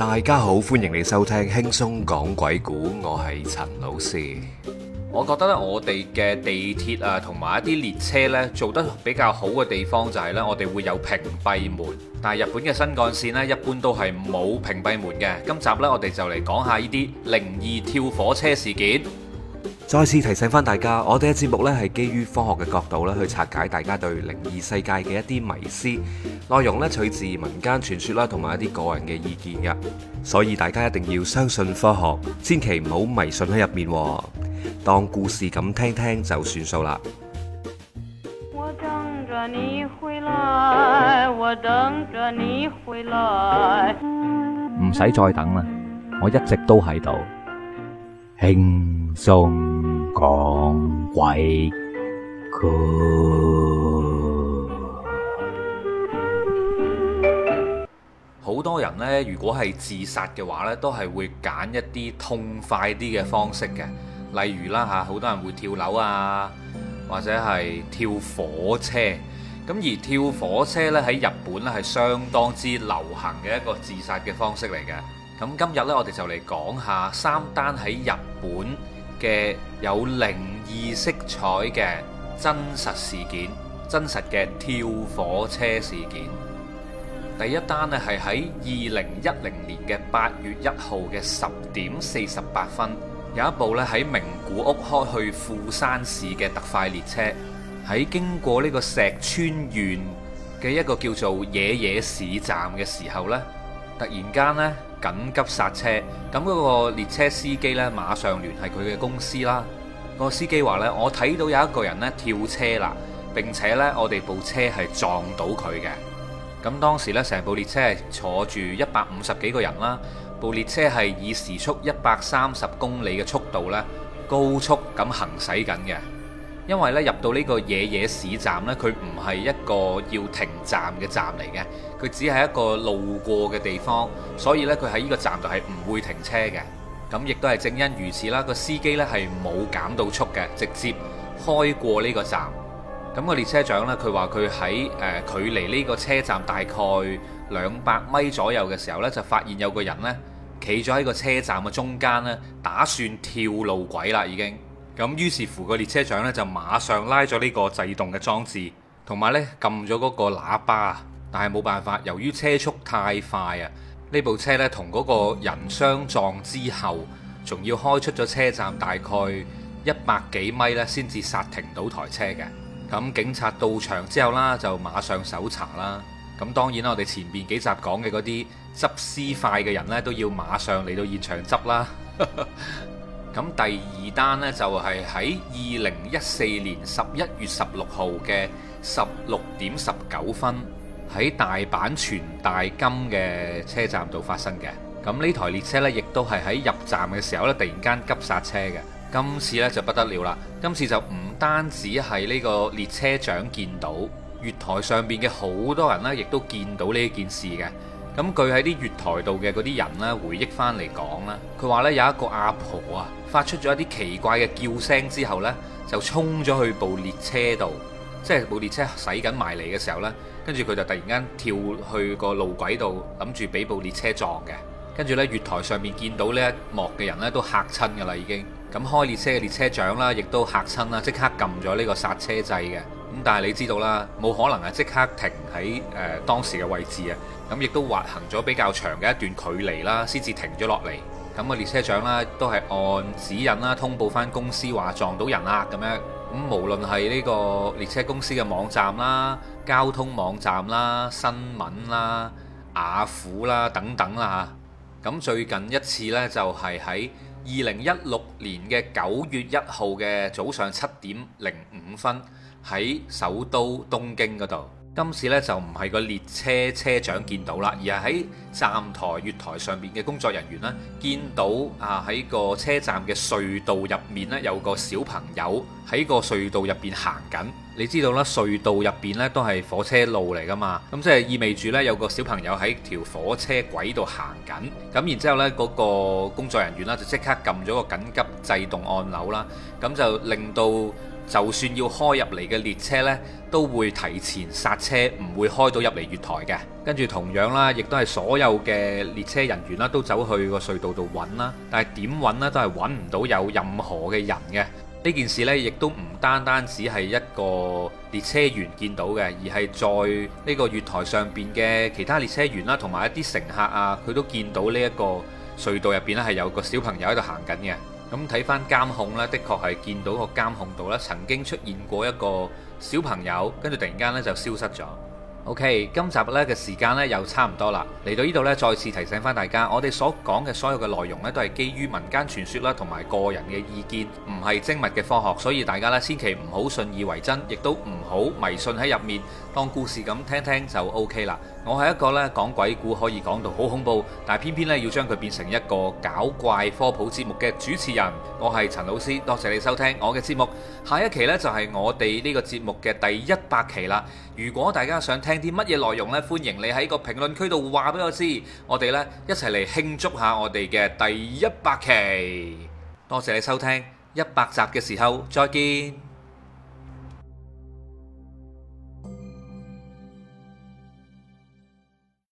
大家好，歡迎你收聽輕鬆講鬼故，我係陳老師。我覺得呢，我哋嘅地鐵啊，同埋一啲列車呢做得比較好嘅地方就係呢，我哋會有屏蔽門。但係日本嘅新幹線呢，一般都係冇屏蔽門嘅。今集呢，我哋就嚟講下呢啲靈異跳火車事件。再次提醒翻大家，我哋嘅節目呢係基於科學嘅角度呢去拆解大家對靈異世界嘅一啲迷思，內容呢取自民間傳說啦，同埋一啲個人嘅意見嘅，所以大家一定要相信科學，千祈唔好迷信喺入面，當故事咁聽聽就算數啦。我等著你回來，我等著你回來。唔使再等啦，我一直都喺度，輕鬆。講鬼故，好多人呢，如果係自殺嘅話呢都係會揀一啲痛快啲嘅方式嘅，例如啦吓，好多人會跳樓啊，或者係跳火車。咁而跳火車呢，喺日本呢係相當之流行嘅一個自殺嘅方式嚟嘅。咁今日呢，我哋就嚟講下三單喺日本嘅有靈異色彩嘅真實事件，真實嘅跳火車事件。第一單咧係喺二零一零年嘅八月一號嘅十點四十八分，有一部呢喺名古屋開去富山市嘅特快列車，喺經過呢個石川縣嘅一個叫做野野市站嘅時候呢，突然間呢，緊急剎車，咁、那、嗰個列車司機呢，馬上聯繫佢嘅公司啦。那個司機話呢，我睇到有一個人呢跳車啦，並且呢我哋部車係撞到佢嘅。咁當時呢，成部列車係坐住一百五十幾個人啦，部列車係以時速一百三十公里嘅速度呢高速咁行駛緊嘅。因為咧入到呢個野野市站呢，佢唔係一個要停站嘅站嚟嘅，佢只係一個路過嘅地方，所以呢，佢喺呢個站就係唔會停車嘅。咁亦都係正因如此啦，個司機呢係冇減到速嘅，直接開過呢個站。咁個列車長呢，佢話佢喺誒距離呢個車站大概兩百米左右嘅時候呢，就發現有個人呢企咗喺個車站嘅中間呢，打算跳路軌啦已經。咁於是乎個列車長咧就馬上拉咗呢個制動嘅裝置，同埋呢撳咗嗰個喇叭。但係冇辦法，由於車速太快啊，呢部車呢，同嗰個人相撞之後，仲要開出咗車站大概一百幾米呢，先至剎停到台車嘅。咁警察到場之後啦，就馬上搜查啦。咁當然啦，我哋前面幾集講嘅嗰啲執屍塊嘅人呢，都要馬上嚟到現場執啦。 咁第二單呢，就係喺二零一四年十一月十六號嘅十六點十九分，喺大阪全大金嘅車站度發生嘅。咁呢台列車呢，亦都係喺入站嘅時候呢，突然間急煞車嘅。今次呢，就不得了啦，今次就唔單止係呢個列車長見到，月台上面嘅好多人呢，亦都見到呢件事嘅。咁據喺啲月台度嘅嗰啲人呢，回憶翻嚟講啦，佢話呢有一個阿婆啊，發出咗一啲奇怪嘅叫聲之後呢，就衝咗去部列車度，即係部列車駛緊埋嚟嘅時候呢。跟住佢就突然間跳去個路軌度，諗住俾部列車撞嘅，跟住呢，月台上面見到呢一幕嘅人呢，都嚇親嘅啦，已經咁開列車嘅列車長啦，亦都嚇親啦，即刻撳咗呢個剎車掣嘅。咁但係你知道啦，冇可能係即刻停喺誒、呃、當時嘅位置啊！咁亦都滑行咗比較長嘅一段距離啦，先至停咗落嚟。咁、嗯、個列車長啦，都係按指引啦，通報返公司話撞到人啦咁樣。咁、嗯、無論係呢個列車公司嘅網站啦、交通網站啦、新聞啦、雅虎啦等等啦嚇。咁、嗯、最近一次呢，就係喺二零一六年嘅九月一號嘅早上七點零五分。喺首都東京嗰度，今次呢就唔係個列車車長見到啦，而係喺站台月台上邊嘅工作人員呢見到啊，喺個車站嘅隧道入面呢有個小朋友喺個隧道入邊行緊。你知道啦，隧道入邊呢都係火車路嚟噶嘛？咁即係意味住呢有個小朋友喺條火車軌度行緊。咁然之後呢，嗰個工作人員呢就即刻撳咗個緊急制動按鈕啦，咁就令到。就算要開入嚟嘅列車呢，都會提前剎車，唔會開到入嚟月台嘅。跟住同樣啦，亦都係所有嘅列車人員啦，都走去個隧道度揾啦。但係點揾呢？都係揾唔到有任何嘅人嘅。呢件事呢，亦都唔單單只係一個列車員見到嘅，而係在呢個月台上邊嘅其他列車員啦，同埋一啲乘客啊，佢都見到呢一個隧道入邊咧係有個小朋友喺度行緊嘅。咁睇返監控咧，的確係見到個監控度咧，曾經出現過一個小朋友，跟住突然間咧就消失咗。OK，今集咧嘅時間咧又差唔多啦，嚟到呢度咧再次提醒翻大家，我哋所講嘅所有嘅內容咧都係基於民間傳說啦，同埋個人嘅意見，唔係精密嘅科學，所以大家咧千祈唔好信以為真，亦都唔好迷信喺入面，當故事咁聽聽就 O K 啦。我係一個咧講鬼故可以講到好恐怖，但係偏偏咧要將佢變成一個搞怪科普節目嘅主持人，我係陳老師，多謝你收聽我嘅節目。下一期咧就係我哋呢個節目嘅第一百期啦。如果大家想聽，聽啲乜嘢內容呢？歡迎你喺個評論區度話俾我知，我哋呢，一齊嚟慶祝下我哋嘅第一百期。多謝你收聽，一百集嘅時候再見。